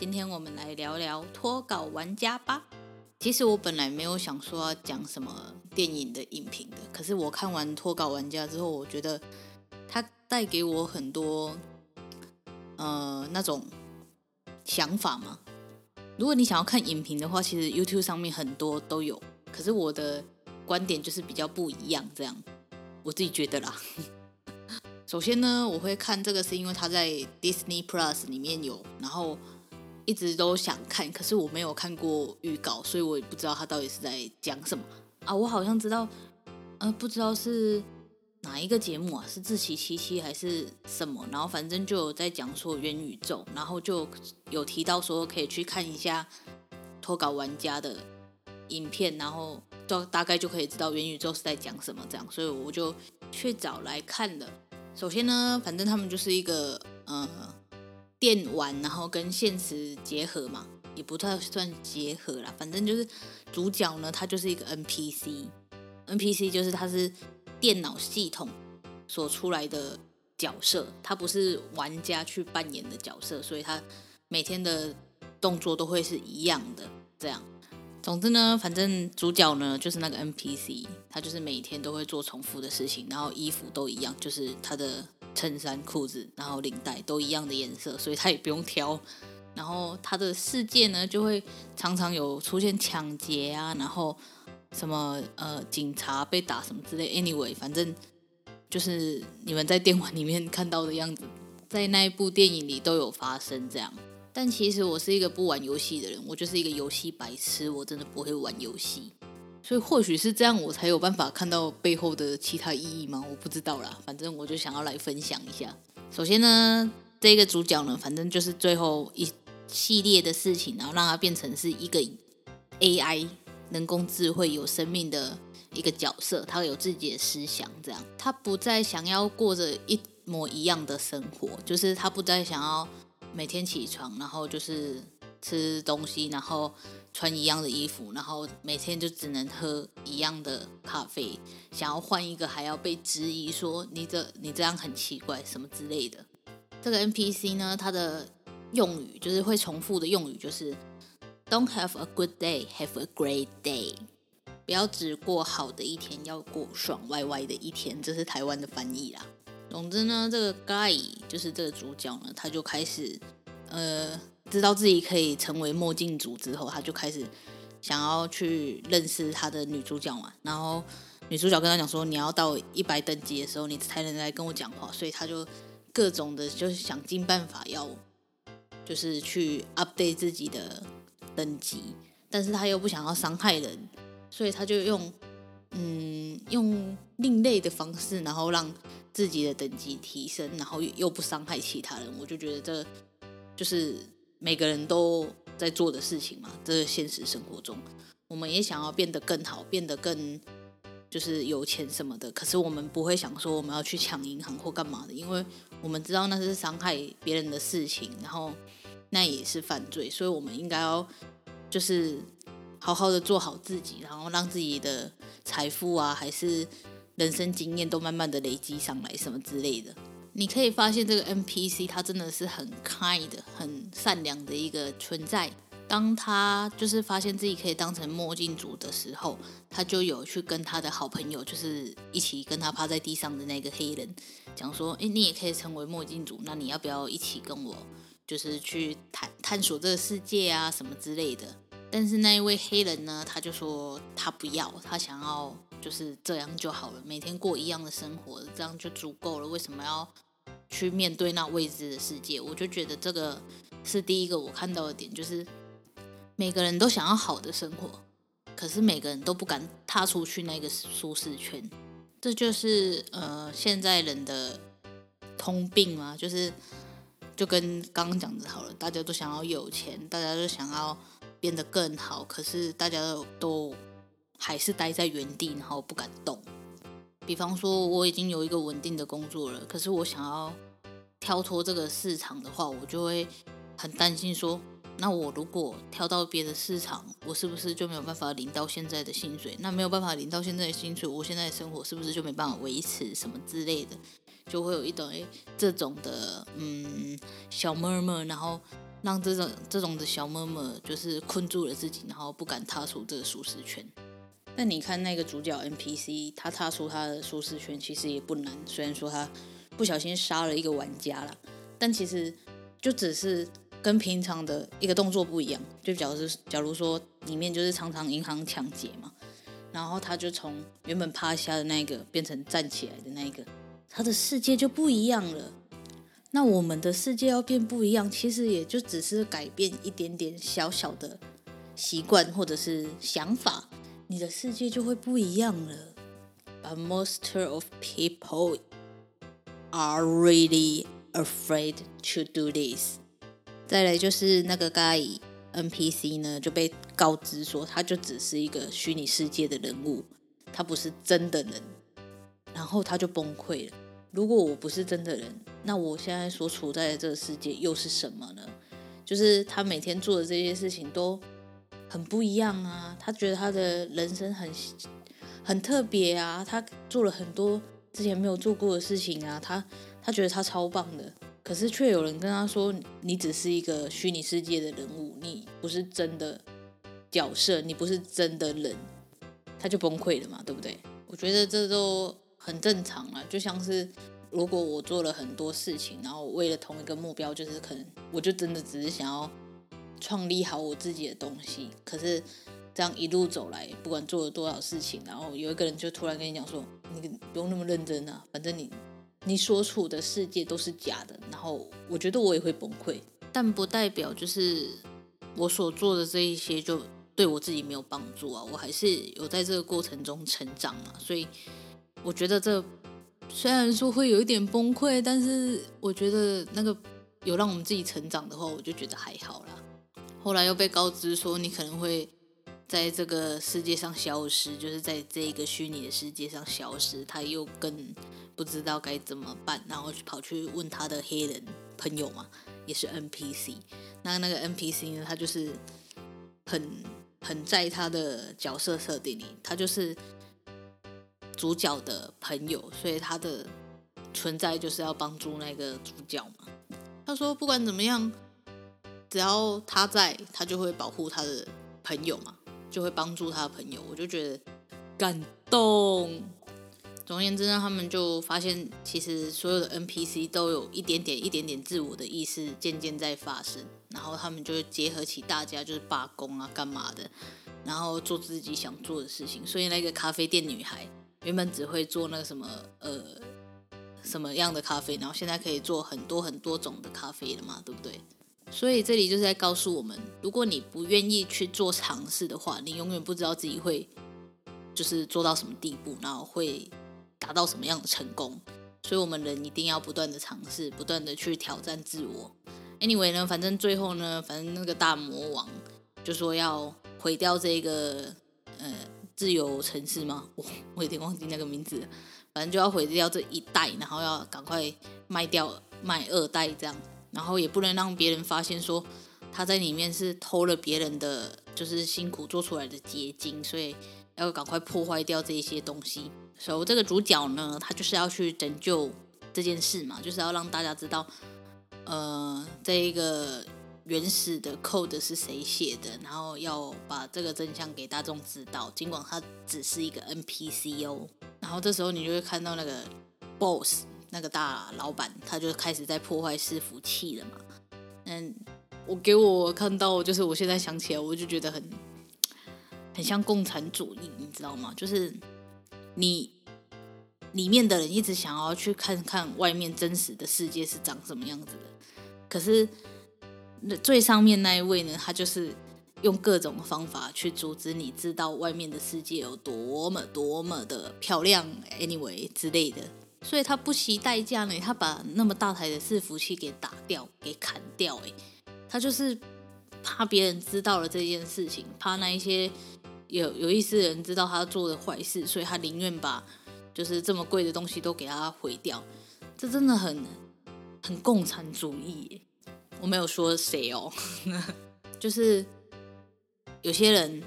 今天我們來聊聊《脫稿玩家》吧。其實我本來沒有想說要講什麼電影的影評的，可是我看完《脫稿玩家》之後，我覺得它帶給我很多呃那種想法嘛。如果你想要看影評的話，其實 YouTube 上面很多都有，可是我的觀點就是比較不一樣。這樣我自己覺得啦。 首先呢，我會看這個是因為它在 Disney Plus 裡面有，然後。一直都想看，可是我沒有看過預告，所以我也不知道他到底是在講什麼啊。我好像知道，呃，不知道是哪一個節目啊，是志祺七七還是什麼？然後反正就有在講說元宇宙，然後就有提到說可以去看一下脫稿玩家的影片，然後就大概就可以知道元宇宙是在講什麼這樣。所以我就去找來看的。首先呢，反正他們就是一個嗯。呃電玩，然後跟現實結合嘛，也不太算結合啦。反正就是主角呢，他就是一個 NPC，NPC 就是他是電腦系統所出來的角色，他不是玩家去扮演的角色，所以他每天的動作都會是一樣的，這樣。總之呢，反正主角呢就是那個 NPC，他就是每天都會做重複的事情，然後衣服都一樣，就是他的。襯衫、褲子，然後領帶都一樣的顏色，所以他也不用挑。然後他的世界呢，就會常常有出現搶劫啊，然後什麼呃警察被打什麼之類的。Anyway，反正就是你們在電玩裡面看到的樣子，在那一部電影裡都有發生這樣。但其實我是一個不玩遊戲的人，我就是一個遊戲白痴，我真的不會玩遊戲。所以或許是這樣，我才有辦法看到背後的其他意義嗎？我不知道啦，反正我就想要來分享一下。首先呢，這個主角呢，反正就是最後一系列的事情，然後讓他變成是一個 AI 人工智慧，有生命的一個角色，他有自己的思想，這樣他不再想要過着一模一樣的生活，就是他不再想要每天起床，然後就是。吃東西，然後穿一樣的衣服，然後每天就只能喝一樣的咖啡。想要換一個，還要被質疑說你這你這樣很奇怪什麼之類的。這個 NPC 呢，它的用語就是會重複的用語，就是 "Don't have a good day, have a great day"，不要只過好的一天，要過爽歪歪的一天，這是台灣的翻譯啦。總之呢，這個 Guy 就是這個主角呢，他就開始呃。知道自己可以成為墨鏡族之後，他就開始想要去認識他的女主角嘛。然後女主角跟他講說：“你要到一百等級的時候，你才能來跟我講話。”所以他就各種的，就是想盡辦法要，就是去 update 自己的等級。但是他又不想要傷害人，所以他就用嗯用另類的方式，然後讓自己的等級提升，然後又不傷害其他人。我就覺得這就是。每個人都在做的事情嘛，這是現實生活中，我們也想要變得更好，變得更就是有錢什麼的。可是我們不會想說我們要去搶銀行或幹嘛的，因為我們知道那是傷害別人的事情，然後那也是犯罪。所以我們應該要就是好好的做好自己，然後讓自己的財富啊，還是人生經驗都慢慢的累積上來，什麼之類的。你可以發現這個 NPC 他真的是很 kind、很善良的一個存在。當他就是發現自己可以當成墨鏡組的時候，他就有去跟他的好朋友，就是一起跟他趴在地上的那個黑人，講說：“誒，你也可以成為墨鏡組，那你要不要一起跟我，就是去探探索這個世界啊什麼之類的？”但是那一位黑人呢，他就說他不要，他想要。就是這樣就好了，每天過一樣的生活，這樣就足夠了。為什麼要去面對那未知的世界？我就覺得這個是第一個我看到的點，就是每個人都想要好的生活，可是每個人都不敢踏出去那個舒適圈。這就是呃現在人的通病嗎？就是就跟剛剛講的，好了，大家都想要有錢，大家都想要變得更好，可是大家都都。還是待在原地，然後不敢動。比方說，我已經有一個穩定的工作了，可是我想要跳脫這個市場的話，我就會很擔心說，那我如果跳到別的市場，我是不是就沒有辦法領到現在的薪水？那沒有辦法領到現在的薪水，我現在的生活是不是就沒辦法維持？什麼之類的，就會有一堆這種的嗯小 murmur，ur, 然後讓這種這種的小 murmur 就是困住了自己，然後不敢踏出這個舒適圈。但你看那個主角 NPC，他踏出他的舒適圈其實也不難。雖然說他不小心殺了一個玩家啦，但其實就只是跟平常的一個動作不一樣。就假如是假如說裡面就是常常銀行搶劫嘛，然後他就從原本趴下的那個變成站起來的那個，他的世界就不一樣了。那我們的世界要變不一樣，其實也就只是改變一點點小小的習慣或者是想法。你的世界就會不一樣了。But most of people are really afraid to do this。再來就是那個 Guy NPC 呢，就被告知說，他就只是一個虛擬世界的人物，他不是真的人。然後他就崩潰了。如果我不是真的人，那我現在所處在的這個世界又是什麼呢？就是他每天做的這些事情都。很不一樣啊，他覺得他的人生很很特別啊，他做了很多之前沒有做過的事情啊，他他覺得他超棒的，可是卻有人跟他說，你只是一個虛擬世界的人物，你不是真的角色，你不是真的人，他就崩潰了嘛，對不對？我覺得這都很正常啊。就像是如果我做了很多事情，然後為了同一個目標，就是可能我就真的只是想要。創立好我自己的東西，可是這樣一路走來，不管做了多少事情，然後有一個人就突然跟你講說：“你不用那麼認真啊，反正你你所處的世界都是假的。”然後我覺得我也會崩潰，但不代表就是我所做的這一些就對我自己沒有幫助啊，我還是有在這個過程中成長嘛。所以我覺得這雖然說會有一點崩潰，但是我覺得那個有讓我們自己成長的話，我就覺得還好啦。後來又被告知說，你可能會在這個世界上消失，就是在這個虛擬的世界上消失。他又更不知道該怎麼辦，然後跑去問他的黑人朋友嘛，也是 NPC。那那個 NPC 呢，他就是很很在他的角色設定裡，他就是主角的朋友，所以他的存在就是要幫助那個主角嘛。他說，不管怎麼樣。只要他在，他就會保護他的朋友嘛，就會幫助他的朋友。我就覺得感動。總而言之呢，他們就發現，其實所有的 NPC 都有一點點、一點點自我的意識漸漸在發生。然後他們就會結合起大家，就是罷工啊、幹嘛的，然後做自己想做的事情。所以那個咖啡店女孩原本只會做那個什麼呃什麼樣的咖啡，然後現在可以做很多很多種的咖啡了嘛，對不對？所以這裡就是在告訴我們，如果你不願意去做嘗試的話，你永遠不知道自己會就是做到什麼地步，然後會達到什麼樣的成功。所以，我們人一定要不斷的嘗試，不斷的去挑戰自我。Anyway 呢，反正最後呢，反正那個大魔王就說要毀掉這個呃自由城市嗎？我我有點忘記那個名字了，反正就要毀掉這一代，然後要趕快賣掉賣二代這樣。然後也不能讓別人發現說，他在裡面是偷了別人的就是辛苦做出來的結晶，所以要趕快破壞掉這些東西。所以這個主角呢，他就是要去拯救這件事嘛，就是要讓大家知道，呃，這一個原始的 code 是誰寫的，然後要把這個真相給大眾知道。儘管他只是一個 NPC 哦，然後這時候你就會看到那個 boss。那個大老闆他就開始在破壞伺服器了嘛。嗯，我給我看到，就是我現在想起來，我就覺得很很像共產主義，你知道嗎？就是你裡面的人一直想要去看看外面真實的世界是長什麼樣子的，可是那最上面那一位呢，他就是用各種方法去阻止你知道外面的世界有多麼多麼的漂亮，anyway 之類的。所以他不惜代價呢，他把那麼大台的伺服器給打掉、給砍掉，欸。他就是怕別人知道了這件事情，怕那一些有有意思的人知道他做的壞事，所以他寧願把就是這麼貴的東西都給他毀掉。這真的很很共產主義耶，我沒有說誰哦， 就是有些人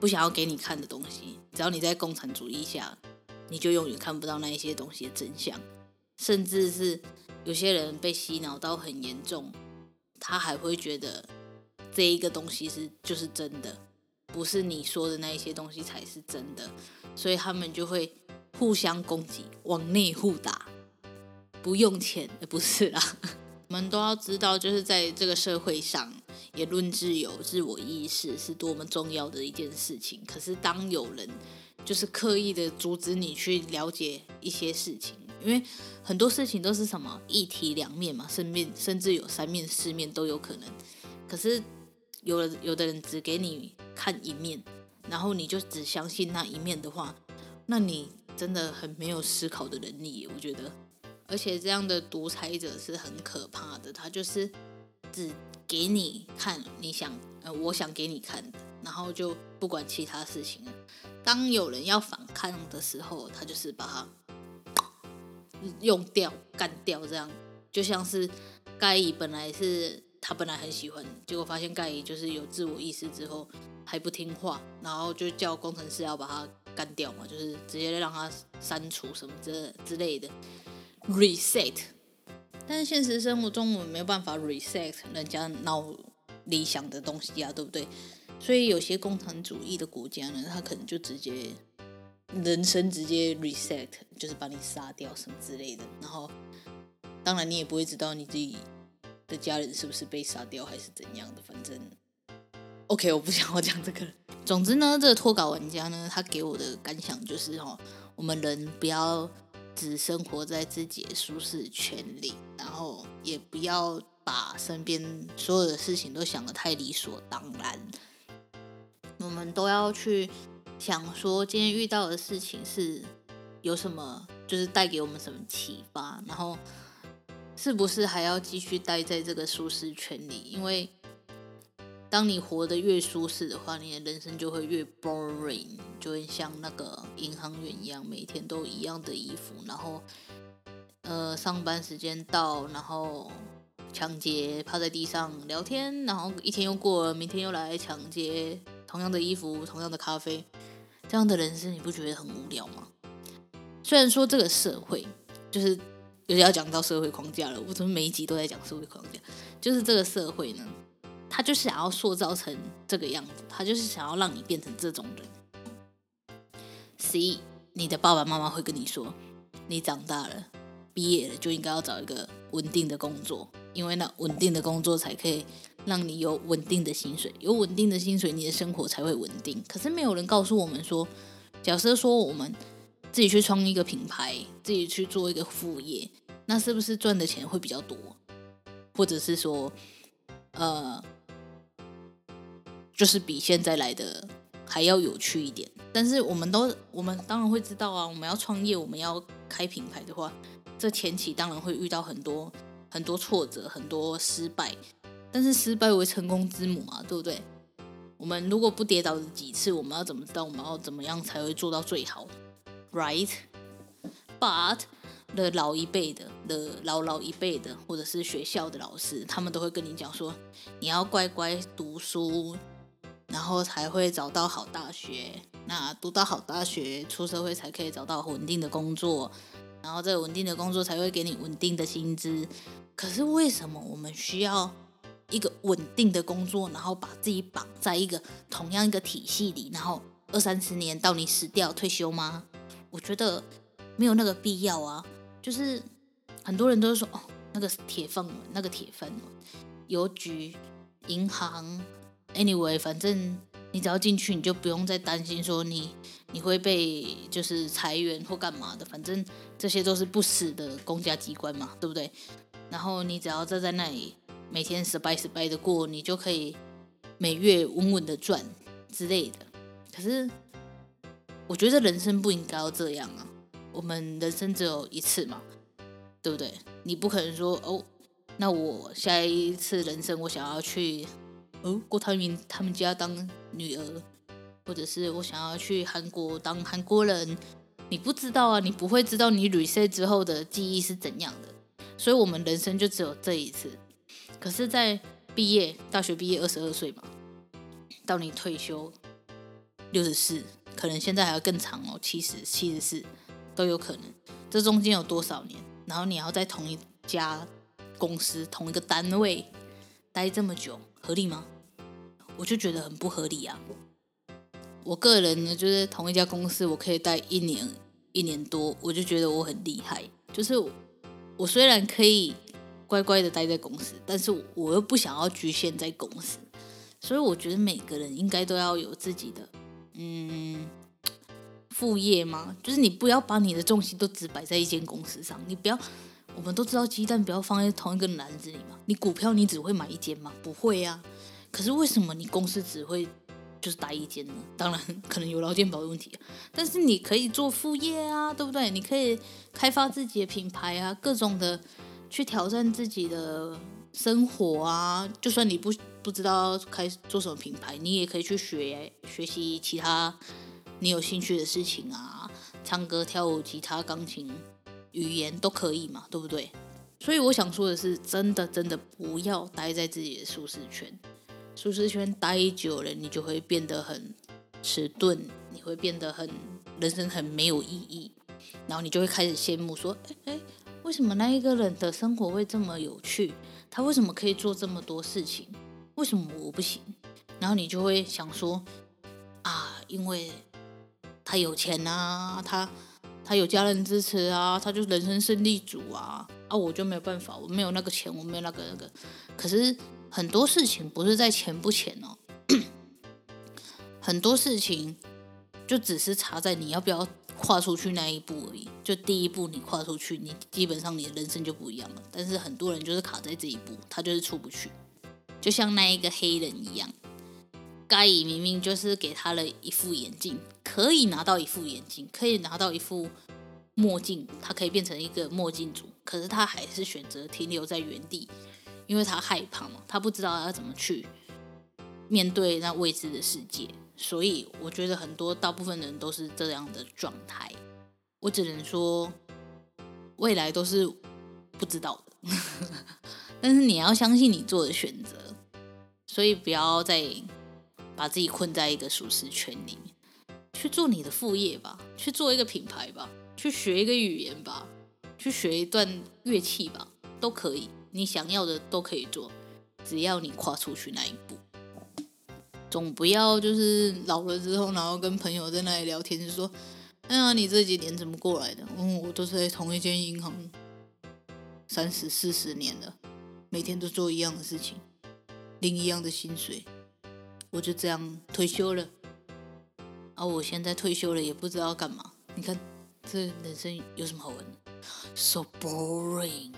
不想要給你看的東西，只要你在共產主義下。你就永遠看不到那一些東西的真相，甚至是有些人被洗腦到很嚴重，他還會覺得這一個東西是就是真的，不是你說的那一些東西才是真的，所以他們就會互相攻擊，往內互打。不用錢，不是啦，我們都要知道，就是在這個社會上，言論自由、自我意識是多麼重要的一件事情。可是當有人就是刻意的阻止你去了解一些事情，因為很多事情都是什麼一體兩面嘛，甚至甚至有三面四面都有可能。可是有，有的有的人只給你看一面，然後你就只相信那一面的話，那你真的很沒有思考的能力，我覺得。而且這樣的獨裁者是很可怕的，他就是只給你看你想呃，我想給你看，然後就不管其他事情。當有人要反抗的時候，他就是把它用掉、幹掉，這樣就像是蓋伊本來是他本來很喜歡，結果發現蓋伊就是有自我意識之後還不聽話，然後就叫工程師要把它幹掉嘛，就是直接讓他刪除什麼之之類的 reset。但現實生活中我們沒有辦法 reset 人家腦裡想的東西啊，對不對？所以有些共產主義的國家呢，他可能就直接人生直接 reset，就是把你殺掉什麼之類的。然後，當然你也不會知道你自己的家人是不是被殺掉還是怎樣的。反正，OK，我不想要講這個了。總之呢，這個脫稿玩家呢，他給我的感想就是：哦，我們人不要只生活在自己的舒適圈裡，然後也不要把身邊所有的事情都想得太理所當然。我們都要去想說，今天遇到的事情是有什麼，就是帶給我們什麼啟發，然後是不是還要繼續待在這個舒適圈裡？因為當你活得越舒適的話，你的人生就會越 boring，就會像那個銀行員一樣，每天都一樣的衣服，然後呃，上班時間到，然後搶劫，趴在地上聊天，然後一天又過了，明天又來搶劫。同樣的衣服，同樣的咖啡，這樣的人生你不覺得很無聊嗎？雖然說這個社會，就是有點要講到社會框架了。我怎麼每一集都在講社會框架？就是這個社會呢，他就是想要塑造成這個樣子，他就是想要讓你變成這種人。C，你的爸爸媽媽會跟你說，你長大了，畢業了就應該要找一個穩定的工作，因為那穩定的工作才可以。讓你有穩定的薪水。有穩定的薪水，你的生活才會穩定。可是沒有人告訴我們說，假設說我們自己去創一個品牌，自己去做一個副業，那是不是賺的錢會比較多？或者是說，呃，就是比現在來的還要有趣一點。但是我們都，我們當然會知道啊，我們要創業，我們要開品牌的話，這前期當然會遇到很多，很多挫折，很多失敗。但是失敗為成功之母嘛，對不對？我們如果不跌倒幾次，我們要怎麼知道我們要怎麼樣才會做到最好？Right? But the 老一輩的 the 老老一輩的，或者是學校的老師，他們都會跟你講說，你要乖乖讀書，然後才會找到好大學。那讀到好大學，出社會才可以找到穩定的工作，然後在穩定的工作才會給你穩定的薪資。可是為什麼我們需要？一個穩定的工作，然後把自己綁在一個同樣一個體系裡，然後二三十年到你死掉退休嗎？我覺得沒有那個必要啊。就是很多人都是說，哦，那個是鐵飯碗，那個鐵飯碗，郵局、銀行，anyway，反正你只要進去，你就不用再擔心說你你會被就是裁員或幹嘛的，反正這些都是不死的公家機關嘛，對不對？然後你只要站在那裡。每天失敗失敗的過，你就可以每月穩穩的賺之類的。可是我覺得人生不應該要這樣啊！我們人生只有一次嘛，對不對？你不可能說哦，那我下一次人生我想要去哦，郭台銘他們家當女兒，或者是我想要去韓國當韓國人。你不知道啊，你不會知道你 reset 之後的記憶是怎樣的。所以，我們人生就只有這一次。可是在，在畢業大學畢業二十二歲嘛，到你退休六十四，可能現在還要更長哦，七十、七十四都有可能。這中間有多少年？然後你要在同一家公司、同一個單位待這麼久，合理嗎？我就覺得很不合理啊！我個人呢，就是同一家公司，我可以待一年一年多，我就覺得我很厲害。就是我，我雖然可以。乖乖的待在公司，但是我，我又不想要侷限在公司，所以我覺得每個人應該都要有自己的嗯副業嘛，就是你不要把你的重心都只擺在一間公司上，你不要，我們都知道雞蛋不要放在同一個籃子裡嘛，你股票你只會買一間嗎？不會呀，啊，可是為什麼你公司只會就是待一間呢？當然可能有勞健保的問題啊，但是你可以做副業啊，對不對？你可以開發自己的品牌啊，各種的。去挑戰自己的生活啊！就算你不不知道開始做什麼品牌，你也可以去學學習其他你有興趣的事情啊，唱歌、跳舞、吉他、鋼琴、語言都可以嘛，對不對？所以我想說的是，真的真的不要待在自己的舒適圈，舒適圈待久了，你就會變得很遲鈍，你會變得很人生很沒有意義，然後你就會開始羨慕說，哎、欸、哎。欸為什麼那一個人的生活會這麼有趣？他為什麼可以做這麼多事情？為什麼我不行？然後你就會想說啊，因為他有錢啊，他他有家人支持啊，他就人生勝利組啊啊！我就沒有辦法，我沒有那個錢，我沒有那個那個。可是很多事情不是在錢不錢哦， 很多事情就只是差在你要不要。跨出去那一步而已，就第一步你跨出去，你基本上你的人生就不一樣了。但是很多人就是卡在這一步，他就是出不去。就像那一個黑人一樣，蓋伊明明就是給他了一副眼鏡，可以拿到一副眼鏡，可以拿到一副墨鏡，他可以變成一個墨鏡族。可是他還是選擇停留在原地，因為他害怕嘛，他不知道要怎麼去面對那未知的世界。所以我覺得很多大部分人都是這樣的狀態，我只能說未來都是不知道的。 但是你要相信你做的選擇，所以不要再把自己困在一個舒適圈裡面，去做你的副業吧，去做一個品牌吧，去學一個語言吧，去學一段樂器吧，都可以，你想要的都可以做，只要你跨出去那一步。總不要就是老了之後，然後跟朋友在那裡聊天，就說：“哎呀，你這幾年怎麼過來的？嗯，我都是在同一間銀行三十四十年了，每天都做一樣的事情，領一樣的薪水，我就這樣退休了。啊，我現在退休了也不知道幹嘛。你看這人生有什麼好玩的？So boring。”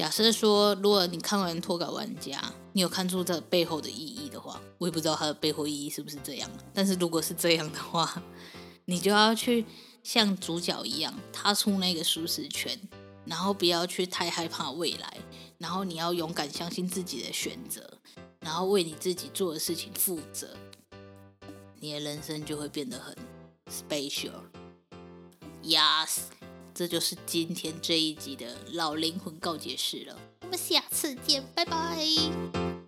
假設說，如果你看完《脫稿玩家》，你有看出這背後的意義的話，我也不知道它的背後意義是不是這樣。但是如果是這樣的話，你就要去像主角一樣，踏出那個舒適圈，然後不要去太害怕未來，然後你要勇敢相信自己的選擇，然後為你自己做的事情負責，你的人生就會變得很 special。Yes。這就是今天這一集的老靈魂告解室了，我們下次見，拜拜。